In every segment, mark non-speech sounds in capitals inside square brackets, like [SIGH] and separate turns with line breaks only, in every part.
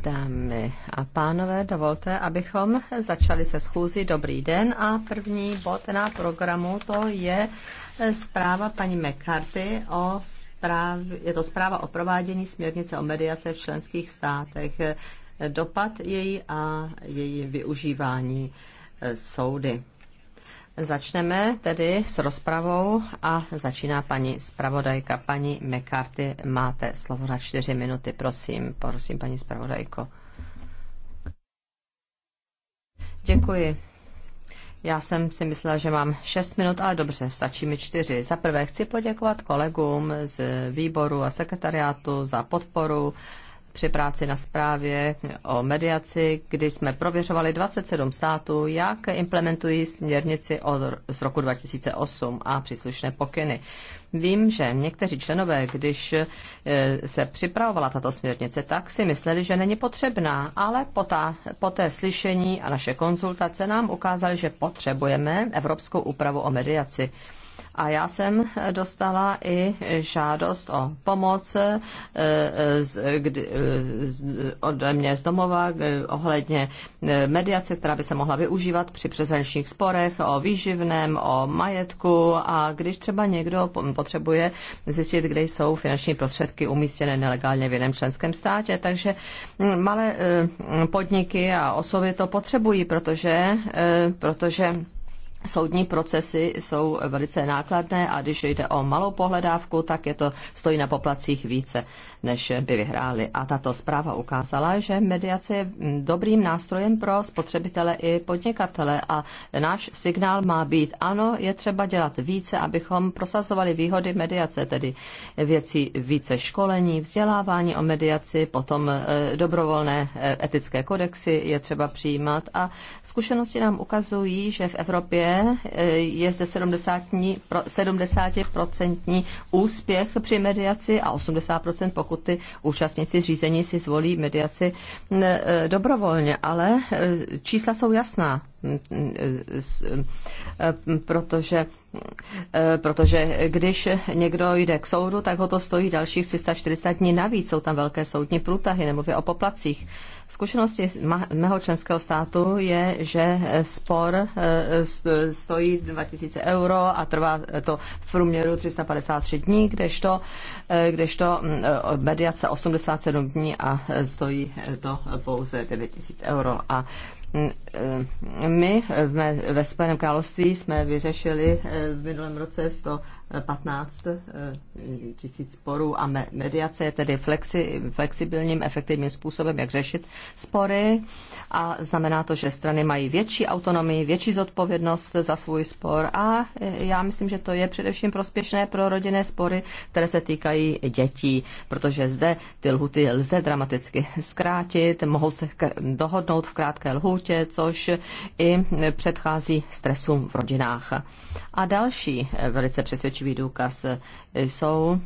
Dámy a pánové, dovolte, abychom začali se schůzi. Dobrý den a první bod na programu to je zpráva paní McCarthy o zpráv, je to zpráva o provádění směrnice o mediace v členských státech, dopad její a její využívání e, soudy. Začneme tedy s rozpravou a začíná paní zpravodajka. Paní McCarthy, máte slovo na čtyři minuty, prosím. Prosím, paní zpravodajko. Děkuji. Já jsem si myslela, že mám 6 minut, ale dobře, stačí mi 4. Za prvé chci poděkovat kolegům z výboru a sekretariátu za podporu při práci na zprávě o mediaci, kdy jsme prověřovali 27 států, jak implementují směrnici od, z roku 2008 a příslušné pokyny. Vím, že někteří členové, když e, se připravovala tato směrnice, tak si mysleli, že není potřebná, ale po, ta, po té slyšení a naše konzultace nám ukázaly, že potřebujeme evropskou úpravu o mediaci. A já jsem dostala i žádost o pomoc eh, z, kdy, eh, z, ode mě z domova eh, ohledně mediace, která by se mohla využívat při přezenčních sporech o výživném, o majetku a když třeba někdo potřebuje zjistit, kde jsou finanční prostředky umístěné nelegálně v jiném členském státě. Takže hm, malé podniky a osoby to potřebují, protože, protože soudní procesy jsou velice nákladné a když jde o malou pohledávku, tak je to stojí na poplacích více, než by vyhráli. A tato zpráva ukázala, že mediace je dobrým nástrojem pro spotřebitele i podnikatele a náš signál má být, ano, je třeba dělat více, abychom prosazovali výhody mediace, tedy věcí více školení, vzdělávání o mediaci, potom eh, dobrovolné eh, etické kodexy je třeba přijímat a zkušenosti nám ukazují, že v Evropě Eh, je zde 70% úspěch při mediaci a 80% pokud ty účastníci řízení si zvolí mediaci eh, eh, dobrovolně. Ale čísla jsou jasná protože, protože když někdo jde k soudu, tak ho to stojí dalších 340 dní navíc. Jsou tam velké soudní průtahy, nemluvě o poplacích. Zkušenosti mého členského státu je, že spor eh, stojí 2000 euro a trvá to v průměru 353 dní, kdežto, eh, kdežto mm, eh, mediace 87 dní a stojí to pouze 9000 euro. A Eh, my ve Spojeném království jsme vyřešili eh, v minulém roce 100 15 eh, tisíc sporů a mediace je tedy flexi, flexibilním, efektivním způsobem, jak řešit spory a znamená to, že strany mají větší autonomii, větší zodpovědnost za svůj spor a eh, já myslím, že to je především prospěšné pro rodinné spory, které se týkají dětí, protože zde ty lhuty lze dramaticky zkrátit, mohou se dohodnout v krátké lhůtě, což i předchází stresům v rodinách. A další eh, velice přesvědčení přesvědčivý důkaz. Jsou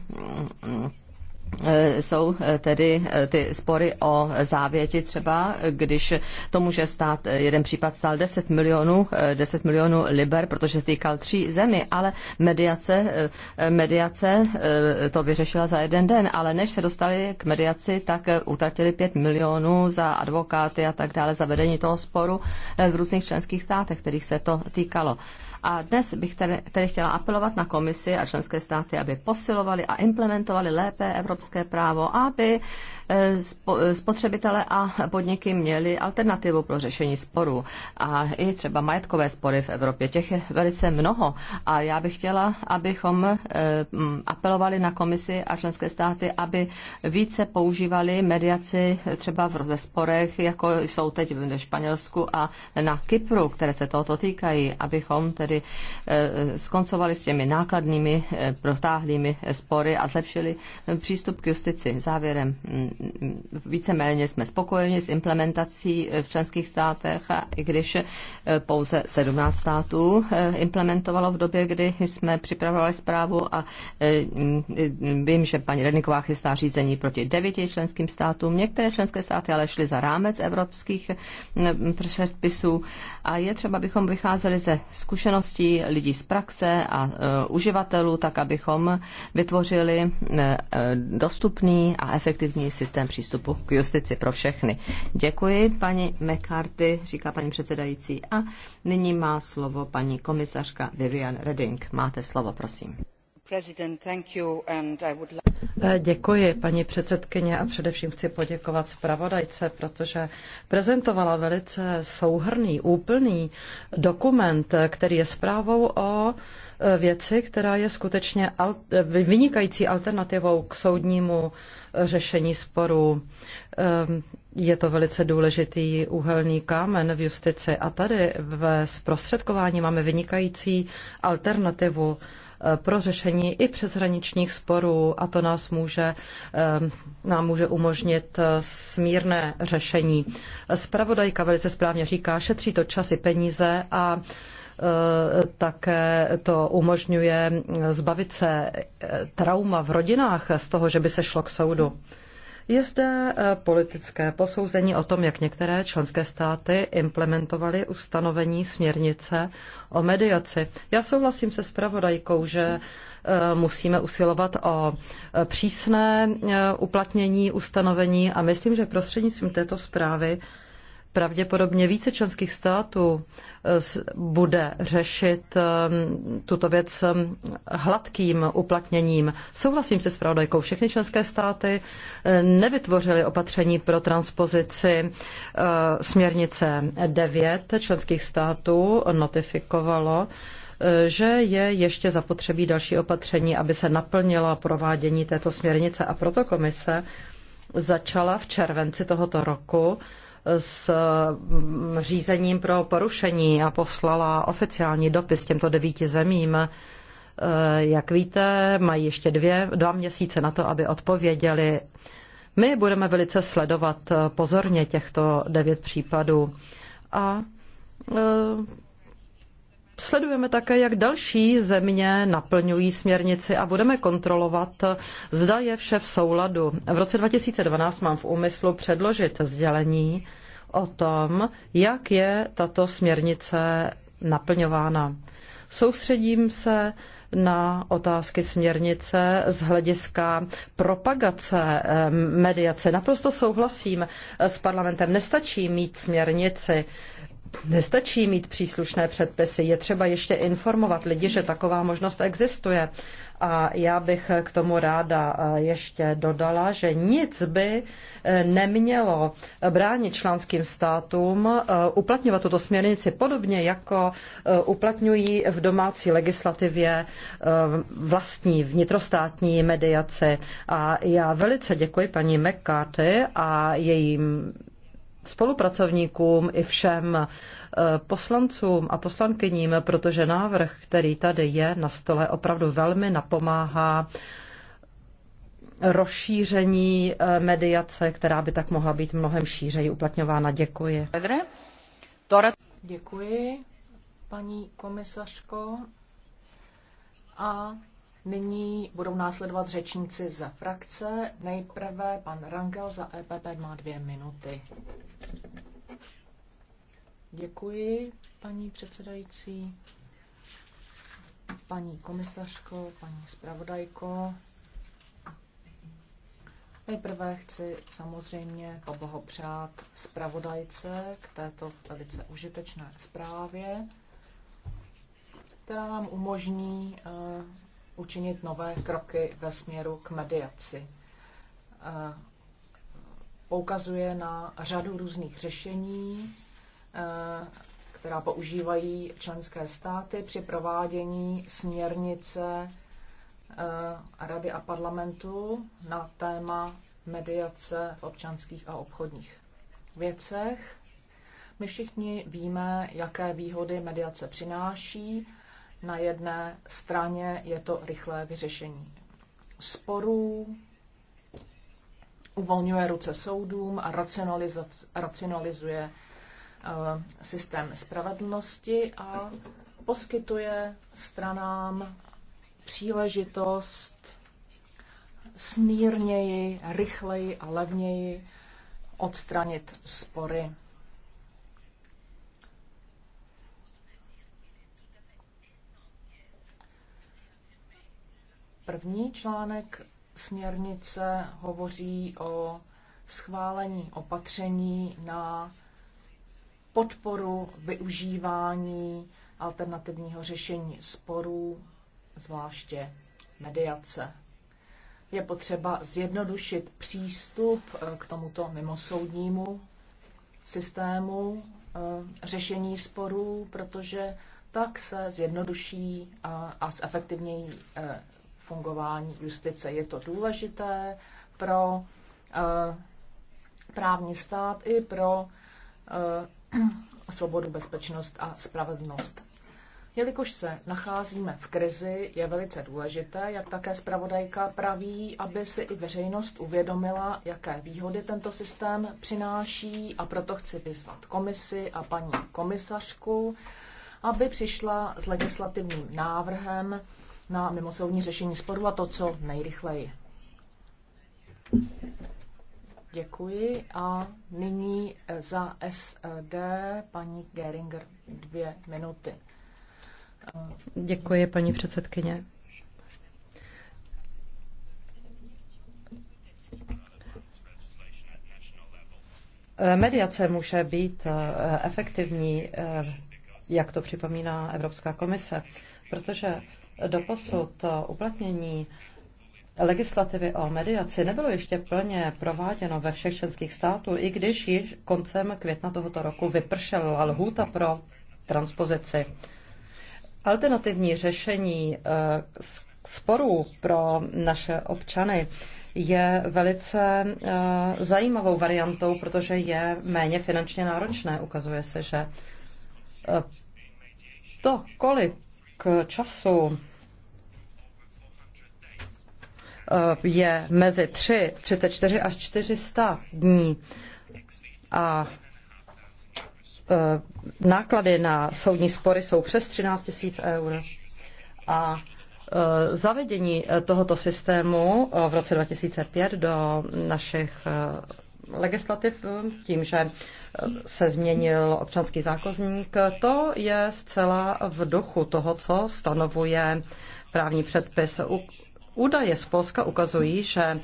jsou tedy ty spory o závěti třeba, když to může stát, jeden případ stál 10 milionů, 10 milionů liber, protože se týkal tří zemi, ale mediace, mediace to vyřešila za jeden den, ale než se dostali k mediaci, tak utratili 5 milionů za advokáty a tak dále, za vedení toho sporu v různých členských státech, kterých se to týkalo. A dnes bych tedy, tedy chtěla apelovat na komisi a členské státy, aby posilovali a implementovali lépe evropské právo, aby e, e, spotřebitele a podniky měli alternativu pro řešení sporů. A i třeba majetkové spory v Evropě, těch je velice mnoho. A já bych chtěla, abychom e, apelovali na komisi a členské státy, aby více používali mediaci třeba ve sporech, jako jsou teď ve Španělsku a na Kypru, které se tohoto týkají, abychom tedy tedy eh, skoncovali s těmi nákladnými, eh, protáhlými spory a zlepšili eh, přístup k justici. Závěrem mm, víceméně jsme spokojeni s implementací v členských státech, a i když pouze 17 států implementovalo v době, kdy jsme připravovali zprávu a mm, vím, že paní Redniková chystá řízení proti devěti členským státům. Některé členské státy ale šly za rámec evropských mm, předpisů a je třeba, bychom vycházeli ze zkušeností zkušeností lidí z praxe a e, uživatelů, tak abychom vytvořili e, e, dostupný a efektivní systém přístupu k justici pro všechny. Děkuji, paní McCarthy, říká paní předsedající. A nyní má slovo paní komisařka Vivian Reding. Máte slovo, prosím.
President, thank you and I would like...
Eh, děkuji,
paní předsedkyně, a především chci poděkovat zpravodajce, protože prezentovala velice souhrný, úplný dokument, který je zprávou o eh, věci, která je skutečně eh, vynikající alternativou k soudnímu řešení sporu. Je to velice důležitý úhelný kámen v justici a tady ve zprostředkování máme vynikající alternativu Eh, pro řešení i přeshraničních sporů a to nás může, eh, nám může umožnit eh, smírné řešení. Spravodajka velice správně říká, šetří to čas i peníze a také to umožňuje zbavit se trauma v rodinách z toho, že by se šlo k soudu. Je zde e, politické posouzení o tom, jak některé členské státy implementovaly ustanovení směrnice o mediaci. Já souhlasím se spravodajkou, že e, musíme usilovat o e, přísné uplatnění ustanovení a myslím, že prostřednictvím této zprávy pravděpodobně více členských států eh, bude řešit eh, tuto věc eh, hladkým uplatněním. Souhlasím se s pravdajkou. Všechny členské státy nevytvořily opatření pro transpozici směrnice 9 členských států notifikovalo že je ještě zapotřebí další opatření, aby se naplnila provádění této směrnice a proto komise začala v červenci tohoto roku s mm, řízením pro porušení a poslala oficiální dopis těmto devíti zemím. E, jak víte, mají ještě dvě, dva měsíce na to, aby odpověděli. My budeme velice sledovat pozorně těchto devět případů a e, Sledujeme také, jak další země naplňují směrnici a budeme kontrolovat, zda je vše v souladu. V roce 2012 mám v úmyslu předložit sdělení o tom, jak je tato směrnice naplňována. Soustředím se na otázky směrnice z hlediska propagace eh, mediace. Naprosto souhlasím eh, s parlamentem. Nestačí mít směrnici. Nestačí mít příslušné předpisy, je třeba ještě informovat lidi, že taková možnost existuje. A já bych k tomu ráda e, ještě dodala, že nic by e, nemělo bránit členským státům e, uplatňovat tuto směrnici podobně, jako uplatňují v domácí legislativě vlastní vnitrostátní mediaci. A já velice děkuji paní McCarthy a jejím spolupracovníkům i všem eh, poslancům a poslankyním, protože návrh, který tady je na stole, opravdu velmi napomáhá rozšíření eh, mediace, která by tak mohla být mnohem šířeji uplatňována. Děkuji.
Děkuji, paní komisařko. A Nyní budou následovat řečníci za frakce. Nejprve pan Rangel za EPP má dvě minuty. Děkuji, paní předsedající, paní komisařko, paní zpravodajko. Nejprve chci samozřejmě poblahopřát zpravodajce k této velice užitečné zprávě, která nám umožní eh, učinit nové kroky ve směru k mediaci. Eh, poukazuje na řadu různých řešení, eh, která používají členské státy při provádění směrnice eh, Rady a parlamentu na téma mediace v občanských a obchodních věcech. My všichni víme, jaké výhody mediace přináší na jedné straně je to rychlé vyřešení sporů, uvolňuje ruce soudům a racionalizuje eh, systém spravedlnosti a poskytuje stranám příležitost smírněji, rychleji a levněji odstranit spory. První článek směrnice hovoří o schválení opatření na podporu využívání alternativního řešení sporů, zvláště mediace. Je potřeba zjednodušit přístup eh, k tomuto mimosoudnímu systému eh, řešení sporů, protože tak se zjednoduší a, zefektivnějí eh, fungování justice. Je to důležité pro eh, právní stát i pro eh, [CLEARS THROAT] svobodu, bezpečnost a spravedlnost. Jelikož se nacházíme v krizi, je velice důležité, jak také zpravodajka praví, aby si i veřejnost uvědomila, jaké výhody tento systém přináší a proto chci vyzvat komisi a paní komisařku, aby přišla s legislativním návrhem na mimosoudní řešení sporu a to, co nejrychleji. Děkuji a nyní eh, za SD paní Geringer dvě minuty.
Děkuji, paní předsedkyně. Eh, mediace může být eh, efektivní, jak to připomíná Evropská komise, protože doposud uplatnění legislativy o mediaci nebylo ještě plně prováděno ve všech členských států, i když již koncem května tohoto roku vypršela lhůta pro transpozici. Alternativní řešení eh, sporů pro naše občany je velice eh, zajímavou variantou, protože je méně finančně náročné. Ukazuje se, že eh, to, kolik k času eh, je mezi 3, 34 až 400 dní a eh, náklady na soudní spory jsou přes 13 tisíc eur. A eh, zavedení tohoto systému v roce 2005 do našich legislativ tím, že se změnil občanský zákonník, to je zcela v duchu toho, co stanovuje právní předpis. Údaje z Polska ukazují, že eh,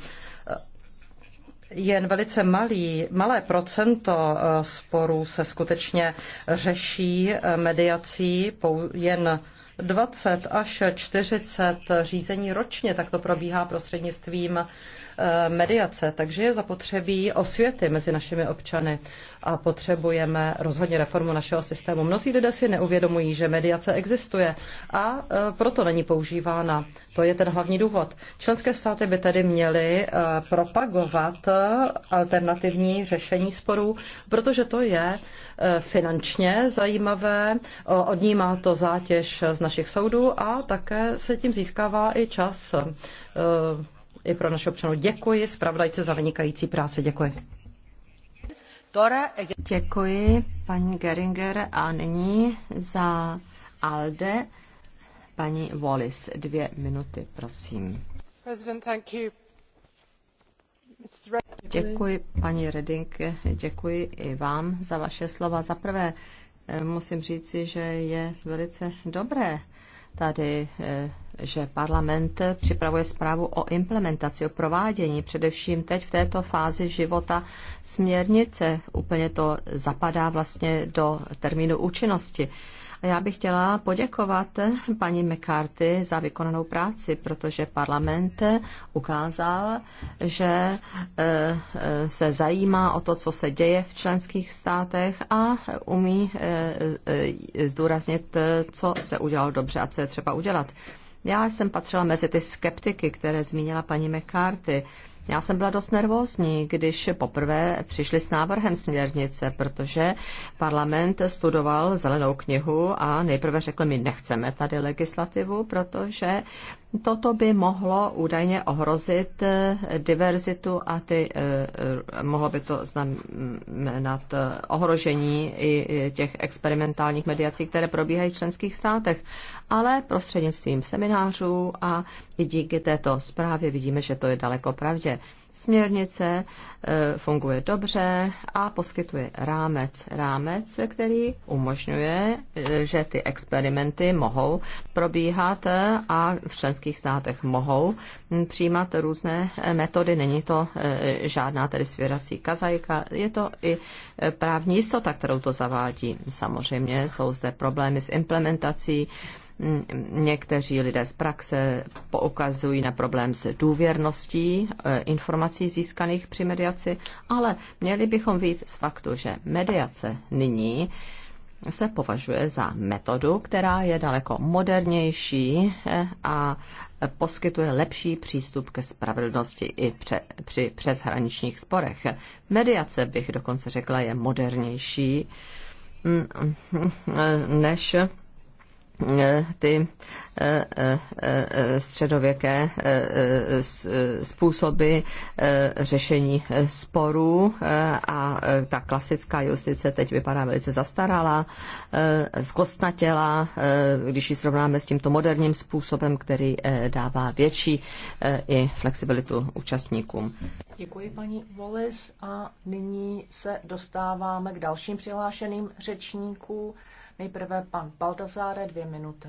jen velice malý, malé procento eh, sporů se skutečně řeší eh, mediací, jen 20 až 40 řízení ročně, tak to probíhá prostřednictvím Eh, mediace, takže je zapotřebí osvěty mezi našimi občany a potřebujeme rozhodně reformu našeho systému. Mnozí lidé si neuvědomují, že mediace existuje a eh, proto není používána. To je ten hlavní důvod. Členské státy by tedy měly eh, propagovat alternativní řešení sporů, protože to je finančně zajímavé, odnímá to zátěž z našich soudů a také se tím získává i čas i pro naše občanů. Děkuji zpravodajce za vynikající práci. Děkuji.
Eh, děkuji, paní Geringer. A nyní za ALDE paní Wallis. Dvě minuty, prosím. Děkuji, paní Reding, děkuji i vám za vaše slova. Za prvé eh, musím říci, že je velice dobré tady eh, že parlament připravuje zprávu o implementaci, o provádění, především teď v této fázi života směrnice. Úplně to zapadá vlastně do termínu účinnosti. A já bych chtěla poděkovat paní McCarthy za vykonanou práci, protože parlament ukázal, že eh, eh, se zajímá o to, co se děje v členských státech a umí eh, zdůraznit, co se udělalo dobře a co je třeba udělat. Já jsem patřila mezi ty skeptiky, které zmínila paní McCarthy. Já jsem byla dost nervózní, když poprvé přišli s návrhem směrnice, protože parlament studoval zelenou knihu a nejprve řekl, my nechceme tady legislativu, protože Toto by mohlo údajně ohrozit eh, diverzitu a ty, eh, eh, mohlo by to znamenat ohrožení i těch experimentálních mediací, které probíhají v členských státech. Ale prostřednictvím seminářů a i díky této zprávě vidíme, že to je daleko pravdě. Směrnice eh, funguje dobře a poskytuje rámec. Rámec, který umožňuje, eh, že ty experimenty mohou probíhat eh, a v členských státech mohou hm, přijímat různé metody. Není to žádná tedy svěrací kazajka, je to i právní jistota, kterou to zavádí. Samozřejmě jsou zde problémy s implementací, Někteří lidé z praxe poukazují na problém s důvěrností e, informací získaných při mediaci, ale měli bychom víc z faktu, že mediace nyní se považuje za metodu, která je daleko modernější e, a poskytuje lepší přístup ke spravedlnosti i pře, při přeshraničních sporech. Mediace, bych dokonce řekla, je modernější mm, mm, mm, než ty středověké způsoby řešení sporů a ta klasická justice teď vypadá velice zastarala eh, zkostnatěla, eh, když ji srovnáme s tímto moderním způsobem, který eh, dává větší i flexibilitu účastníkům.
Děkuji paní Wallace a nyní se dostáváme k dalším přihlášeným řečníkům. Nejprve pan Baltazáre dvě minuty.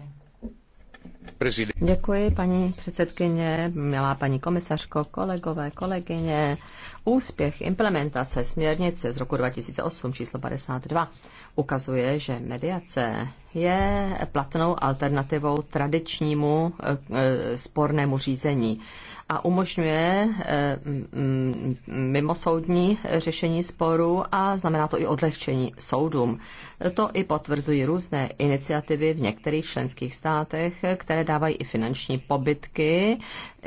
Děkuji, paní předsedkyně, milá paní komisařko, kolegové, kolegyně. Úspěch implementace směrnice z roku 2008 číslo 52 ukazuje, že mediace je platnou alternativou tradičnímu eh, eh, spornému řízení a umožňuje eh, mm, mm, mimosoudní řešení sporu a znamená to i odlehčení soudům. To i potvrzují různé iniciativy v některých členských státech, které dávají i finanční pobytky,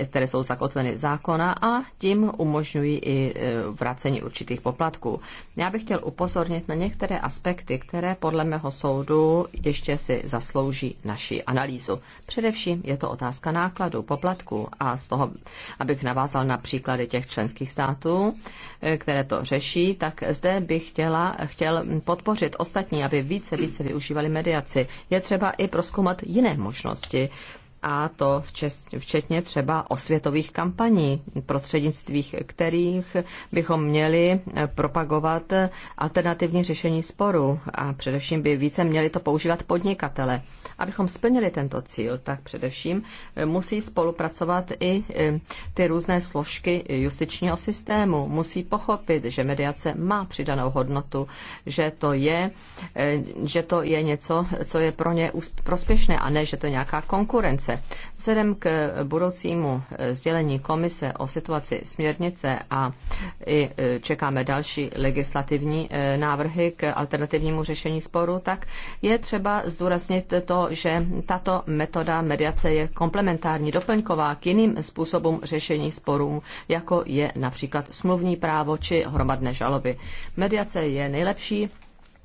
které jsou zakotveny zákona a tím umožňují i vracení určitých poplatků. Já bych chtěl upozornit na některé aspekty, které podle mého soudu hlediště si zaslouží naši analýzu. Především je to otázka nákladů, poplatků a z toho, abych navázal na příklady těch členských států, eh, které to řeší, tak zde bych chtěla, chtěl podpořit ostatní, aby více, více využívali mediaci. Je třeba i proskoumat jiné možnosti a to včetně třeba osvětových kampaní, prostřednictvích kterých bychom měli eh, propagovat eh, alternativní řešení sporu a především by více měli to používat podnikatele. Abychom splnili tento cíl, tak především eh, musí spolupracovat i ty různé složky justičního systému. Musí pochopit, že mediace má přidanou hodnotu, že to je, že to je něco, co je pro ně prospěšné a ne, že to je nějaká konkurence komise. Vzhledem k budoucímu eh, sdělení komise o situaci směrnice a i eh, čekáme další legislativní eh, návrhy k alternativnímu řešení sporu, tak je třeba zdůraznit to, že tato metoda mediace je komplementární, doplňková k jiným způsobům řešení sporů, jako je například smluvní právo či hromadné žaloby. Mediace je nejlepší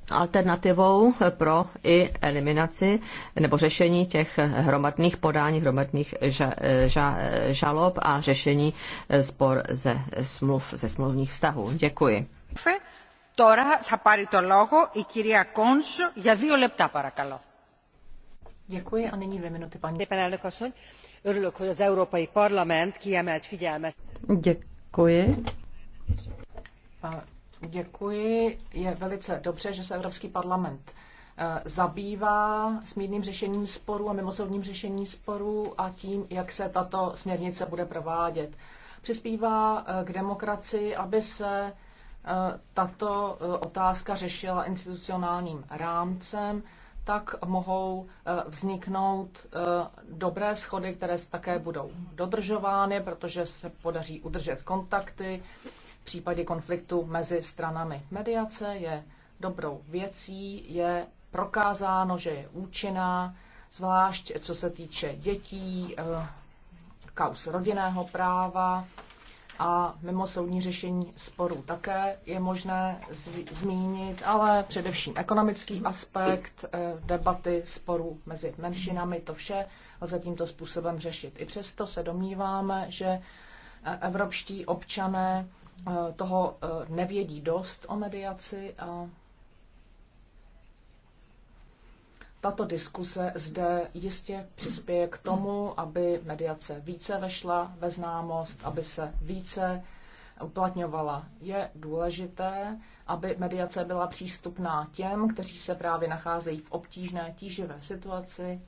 alternativou pro i eliminaci nebo řešení těch hromadných podání, hromadných žalob a řešení spor ze smluv, ze smluvních vztahů. Děkuji.
Tora θα πάρει το λόγο η κυρία Κόνσο για δύο λεπτά παρακαλώ. Děkuji a nyní dvě
minuty, paní. Örülök, hogy az Európai Parlament kiemelt figyelmet.
Děkuji.
Děkuji. Je velice dobře, že se Evropský parlament eh, zabývá smírným řešením sporů a mimosoudním řešením sporů a tím, jak se tato směrnice bude provádět. Přispívá eh, k demokracii, aby se eh, tato otázka řešila institucionálním rámcem, tak mohou vzniknout dobré schody, které také budou dodržovány, protože se podaří udržet kontakty případě konfliktu mezi stranami. Mediace je dobrou věcí, je prokázáno, že je účinná, zvlášť co se týče dětí, eh, kaus rodinného práva a mimo soudní řešení sporů také je možné zmínit, ale především ekonomický aspekt, eh, debaty, sporů mezi menšinami, to vše lze tímto způsobem řešit. I přesto se domníváme, že eh, evropští občané Eh, toho eh, nevědí dost o mediaci a tato diskuse zde jistě přispěje k tomu, aby mediace více vešla ve známost, aby se více uplatňovala. Je důležité, aby mediace byla přístupná těm, kteří se právě nacházejí v obtížné, tíživé situaci,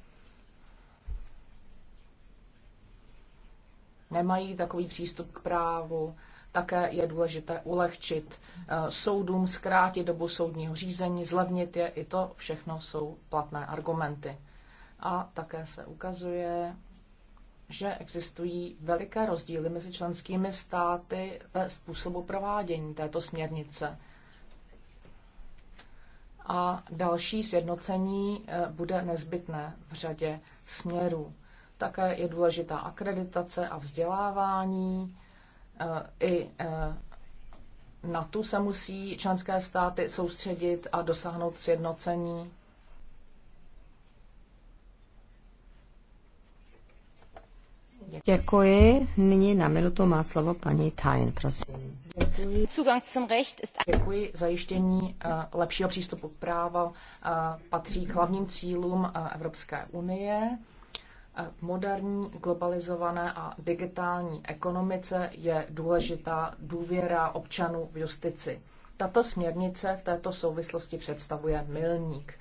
nemají takový přístup k právu, také je důležité ulehčit eh, soudům, zkrátit dobu soudního řízení, zlevnit je. I to všechno jsou platné argumenty. A také se ukazuje, že existují veliké rozdíly mezi členskými státy ve způsobu provádění této směrnice. A další sjednocení eh, bude nezbytné v řadě směrů. Také je důležitá akreditace a vzdělávání Eh, i eh, na tu se musí členské státy soustředit a dosáhnout sjednocení.
Děkuji. Nyní na minutu má slovo paní Tain, prosím.
Děkuji. Děkuji. Zajištění eh, lepšího přístupu k právu patří k hlavním cílům Evropské unie. V moderní, globalizované a digitální ekonomice je důležitá důvěra občanů v justici. Tato směrnice v této souvislosti představuje milník.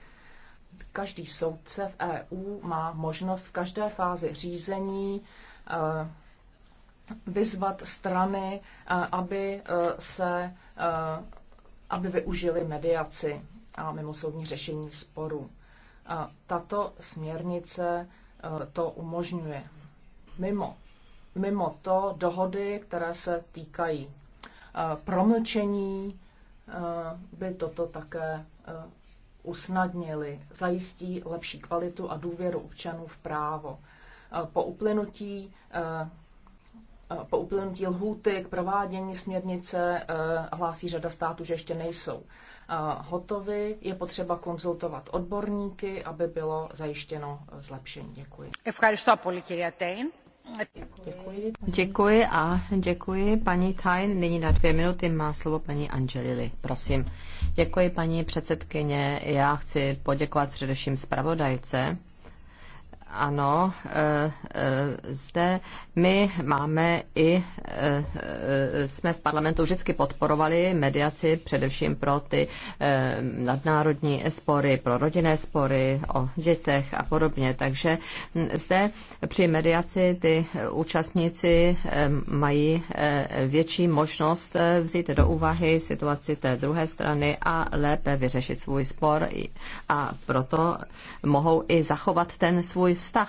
Každý soudce v EU má možnost v každé fázi řízení eh, vyzvat strany, eh, aby eh, se aby využili mediaci a mimosoudní řešení sporů. Tato směrnice Eh, to umožňuje. Mimo, mimo to dohody, které se týkají eh, promlčení, eh, by toto také usnadnili, zajistí lepší kvalitu a důvěru občanů v právo. Po uplynutí po uplynutí lhůty k provádění směrnice eh, hlásí řada států, že ještě nejsou eh, hotovy. Je potřeba konzultovat odborníky, aby bylo zajištěno eh, zlepšení. Děkuji.
Děkuji.
Děkuji a děkuji paní Tajn. Nyní na dvě minuty má slovo paní Angelili. Prosím. Děkuji paní předsedkyně. Já chci poděkovat především zpravodajce ano, eh, eh, zde my máme i, eh, jsme v parlamentu vždycky podporovali mediaci především pro ty nadnárodní spory, pro rodinné spory o dětech a podobně. Takže hm, zde při mediaci ty účastníci mají větší možnost vzít do úvahy situaci té druhé strany a lépe vyřešit svůj spor a proto mohou i zachovat ten svůj vztah,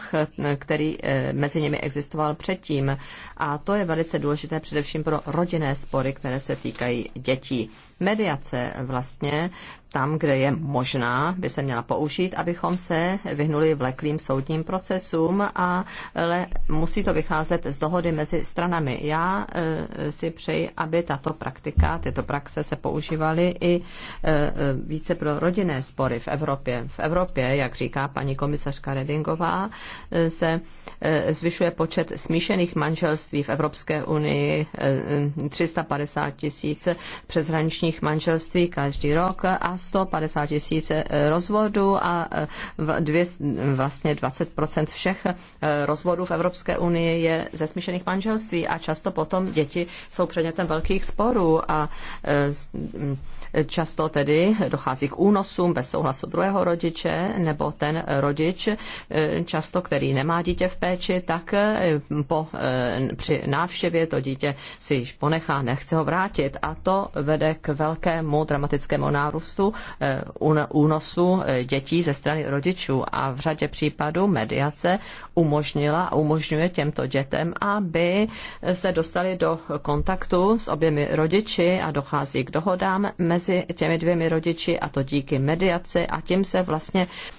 který eh, mezi nimi existoval předtím. A to je velice důležité především pro rodinné spory, které se týkají dětí. Mediace vlastně tam, kde je možná, by se měla použít, abychom se vyhnuli vleklým soudním procesům, ale musí to vycházet z dohody mezi stranami. Já e, si přeji, aby tato praktika, tyto praxe se používaly i e, e, více pro rodinné spory v Evropě. V Evropě, jak říká paní komisařka Redingová, se zvyšuje počet smíšených manželství v Evropské unii 350 tisíc přeshraničních manželství každý rok a 150 tisíc eh, rozvodů a eh, dvě, vlastně 20 všech eh, rozvodů v Evropské unii je ze smíšených manželství a často potom děti jsou předmětem velkých sporů a mm, často tedy dochází k únosům bez souhlasu druhého rodiče nebo ten rodič často, který nemá dítě v péči, tak po, při návštěvě to dítě si již ponechá, nechce ho vrátit a to vede k velkému dramatickému nárůstu Eh, únosu eh, dětí ze strany rodičů a v řadě případů mediace umožnila a umožňuje těmto dětem, aby se dostali do kontaktu s oběmi rodiči a dochází k dohodám mezi těmi dvěmi rodiči a to díky mediaci a tím se vlastně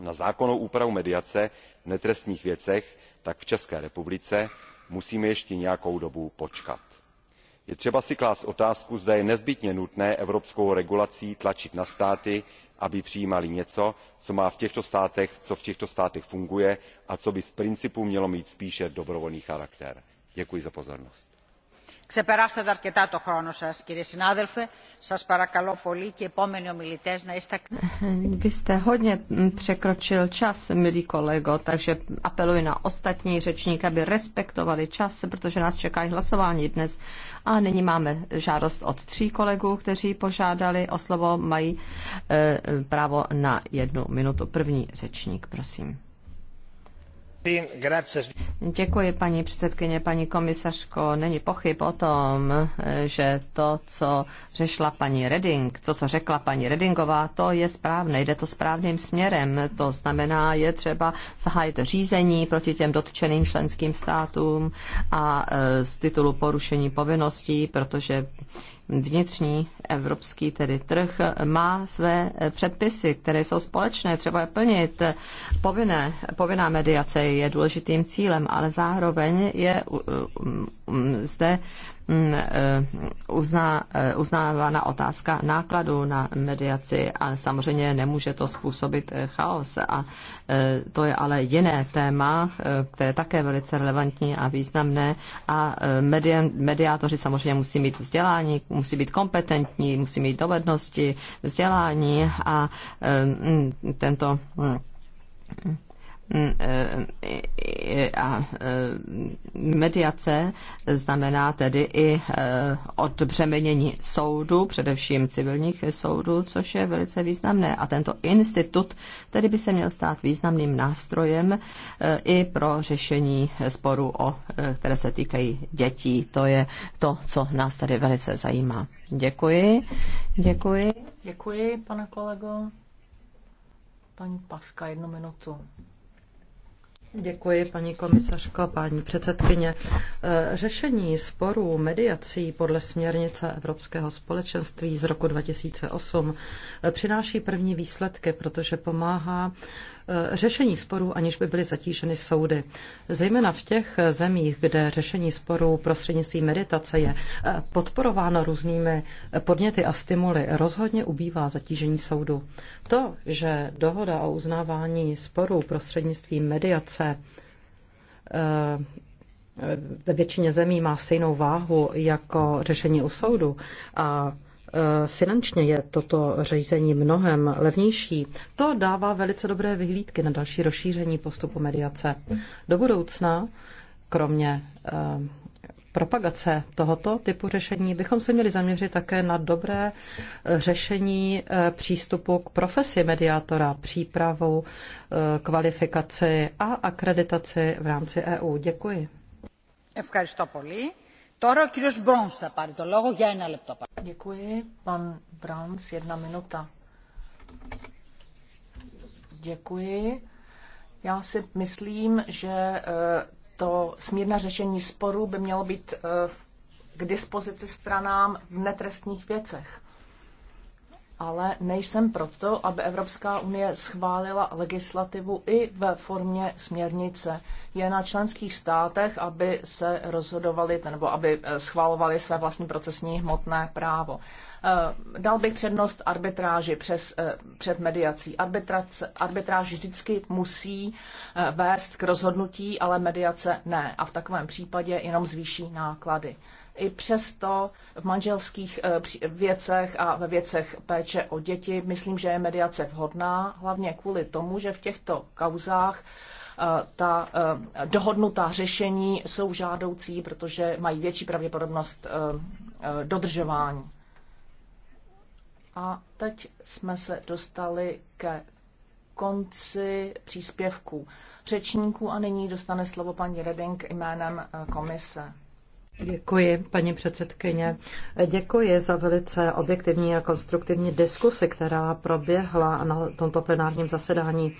na zákonnou úpravu mediace v netrestních věcech tak v české republice musíme ještě nějakou dobu počkat. je třeba si klást otázku zda je nezbytně nutné evropskou regulací tlačit na státy aby přijímaly něco co v těchto státech funguje a co by z principu mělo mít spíše dobrovolný charakter. děkuji za pozornost.
Vy jste hodně překročil čas, milý kolego, takže apeluji na ostatní řečníky, aby respektovali čas, protože nás čeká i hlasování dnes. A nyní máme žádost od tří kolegů, kteří požádali o slovo, mají e, právo na jednu minutu. První řečník, prosím. Děkuji, paní předsedkyně, paní komisařko. Není pochyb o tom, že to, co řešila paní Reding, to, co řekla paní Redingová, to je správné, jde to správným směrem. To znamená, je třeba zahájit řízení proti těm dotčeným členským státům a e, z titulu porušení povinností, protože vnitřní evropský tedy trh má své předpisy, které jsou společné, třeba je plnit. Povinné, povinná mediace je důležitým cílem, ale zároveň je zde Mm, eh, uzná, eh, uznávána otázka nákladu na mediaci a samozřejmě nemůže to způsobit eh, chaos. A to je ale jiné téma, které je také velice relevantní a významné. A mediátoři samozřejmě musí mít vzdělání, musí být kompetentní, musí mít dovednosti, vzdělání a mm, tento mm, Mm, eh, eh, eh, a mediace znamená tedy i odbřemenění soudu, především civilních soudů, což je velice významné. A tento institut tedy by se měl stát významným nástrojem i pro řešení sporů, o, které se týkají dětí. To je to, co nás tady velice zajímá. Děkuji. Děkuji.
Děkuji, pane kolego. Paní Paska, jednu minutu. Děkuji,
paní komisařko, paní předsedkyně. Eh, řešení sporů mediací podle směrnice Evropského společenství z roku 2008 eh, přináší první výsledky, protože pomáhá eh, řešení sporů, aniž by byly zatíženy soudy. Zejména v těch zemích, kde řešení sporů prostřednictvím meditace je podporováno různými podněty a stimuly, rozhodně ubývá zatížení soudu. To, že dohoda o uznávání sporů prostřednictvím mediace eh, ve většině zemí má stejnou váhu jako řešení u soudu a eh, finančně je toto řízení mnohem levnější, to dává velice dobré vyhlídky na další rozšíření postupu mediace. Do budoucna, kromě eh, propagace tohoto typu řešení bychom se měli zaměřit také na dobré eh, řešení eh, přístupu k profesi mediátora, přípravou, eh, kvalifikaci a akreditaci v rámci EU. Děkuji.
Děkuji. Pan Browns, jedna minuta. Děkuji. Já si myslím, že to smírné řešení sporů by mělo být eh, k dispozici stranám v netrestních věcech ale nejsem proto, aby Evropská unie schválila legislativu i ve formě směrnice. Je na členských státech, aby se rozhodovali nebo aby eh, schvalovali své vlastní procesní hmotné právo. Eh, dal bych přednost arbitráži přes, eh, před mediací. Arbitrace, arbitráž vždycky musí vést k rozhodnutí, ale mediace ne. A v takovém případě jenom zvýší náklady i přesto v manželských eh, věcech a ve věcech péče o děti myslím, že je mediace vhodná, hlavně kvůli tomu, že v těchto kauzách eh, ta eh, dohodnutá řešení jsou žádoucí, protože mají větší pravděpodobnost dodržování. A teď jsme se dostali ke konci příspěvku, řečníků a nyní dostane slovo paní Reding jménem komise.
Děkuji, paní předsedkyně. Děkuji za velice objektivní a konstruktivní diskusi, která proběhla na tomto plenárním zasedání.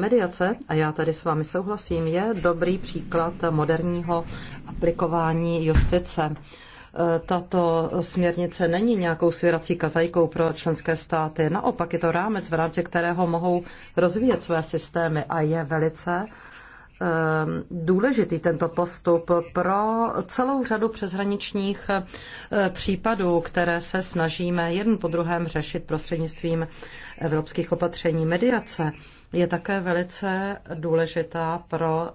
Mediace, a já tady s vámi souhlasím, je dobrý příklad moderního aplikování justice. Tato směrnice není nějakou svěrací kazajkou pro členské státy. Naopak je to rámec, v rámci kterého mohou rozvíjet své systémy a je velice Ehm, důležitý tento postup pro celou řadu přeshraničních eh, případů, které se snažíme jeden po druhém řešit prostřednictvím evropských opatření mediace je také velice důležitá pro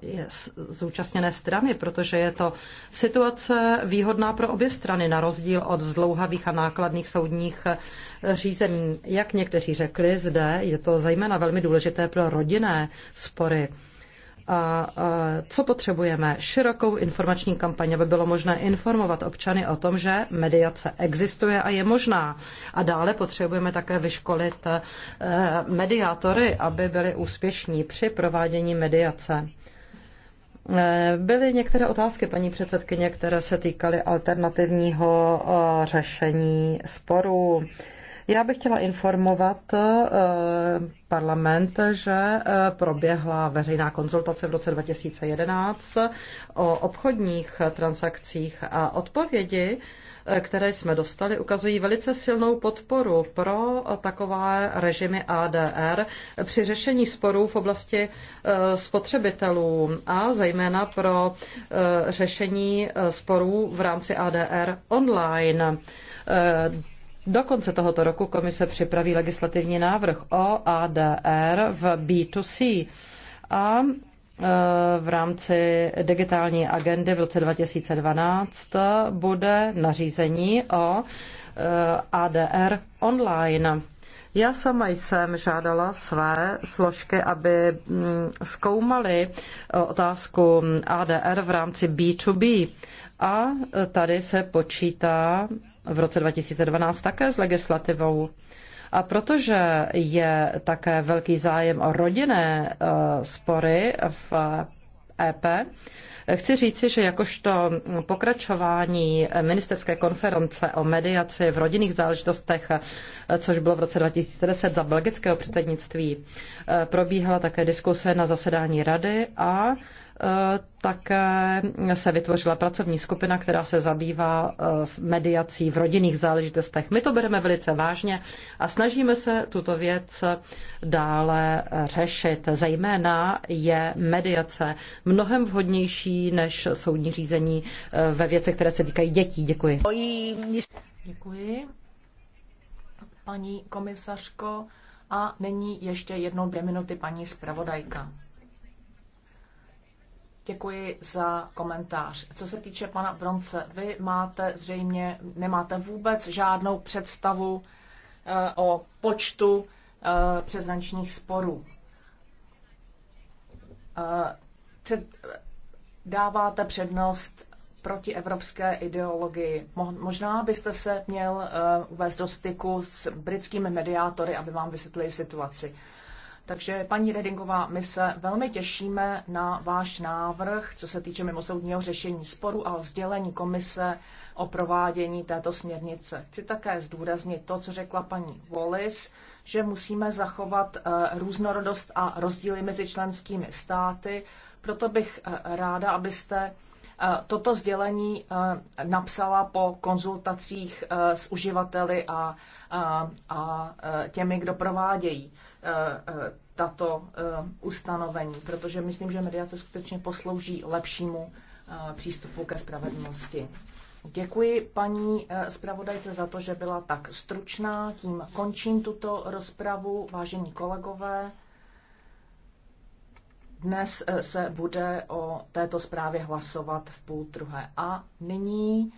zúčastněné strany, protože je to situace výhodná pro obě strany, na rozdíl od zdlouhavých a nákladných soudních eh, řízení. Jak někteří řekli, zde je to zejména velmi důležité pro rodinné spory. A co potřebujeme? Širokou informační kampaň, aby bylo možné informovat občany o tom, že mediace existuje a je možná. A dále potřebujeme také vyškolit e, mediátory, aby byli úspěšní při provádění mediace. E, byly některé otázky, paní předsedkyně, které se týkaly alternativního e, řešení sporů. Já bych chtěla informovat eh, parlament, že eh, proběhla veřejná konzultace v roce 2011 o obchodních transakcích a odpovědi, eh, které jsme dostali, ukazují velice silnou podporu pro takové režimy ADR při řešení sporů v oblasti spotřebitelů a zejména pro řešení sporů v rámci ADR online. Do konce tohoto roku komise připraví legislativní návrh o ADR v B2C a e, v rámci digitální agendy v roce 2012 bude nařízení o e, ADR online. Já sama jsem žádala své složky, aby mm, zkoumali e, otázku ADR v rámci B2B. A tady se počítá v roce 2012 také s legislativou. A protože je také velký zájem o rodinné eh, spory v EP, Chci říci, že jakožto pokračování ministerské konference o mediaci v rodinných záležitostech, eh, což bylo v roce 2010 za belgického předsednictví, eh, probíhala také diskuse na zasedání rady a Eh, také se vytvořila pracovní skupina, která se zabývá eh, mediací v rodinných záležitostech. My to bereme velice vážně a snažíme se tuto věc dále eh, řešit. Zejména je mediace mnohem vhodnější než soudní řízení ve věcech, které se týkají dětí. Děkuji.
Děkuji. Paní komisařko, a nyní ještě jednou dvě minuty paní zpravodajka. Děkuji za komentář. Co se týče pana Bronce, vy máte zřejmě, nemáte vůbec žádnou představu eh, o počtu eh, přeshraničních sporů. Eh, před, dáváte přednost proti evropské ideologii. Možná byste se měl uvést do styku s britskými mediátory, aby vám vysvětlili situaci. Takže paní Redingová, my se velmi těšíme na váš návrh, co se týče mimosoudního řešení sporu a sdělení komise o provádění této směrnice. Chci také zdůraznit to, co řekla paní Wallis, že musíme zachovat eh, různorodost a rozdíly mezi členskými státy. Proto bych eh, ráda, abyste Eh, toto sdělení eh, napsala po konzultacích eh, s uživateli a, a, a těmi, kdo provádějí tato ustanovení, protože myslím, že mediace skutečně poslouží lepšímu přístupu ke spravedlnosti. Děkuji paní zpravodajce za to, že byla tak stručná. Tím končím tuto rozpravu, vážení kolegové. Dnes eh, se bude o této zprávě hlasovat v půl druhé. A nyní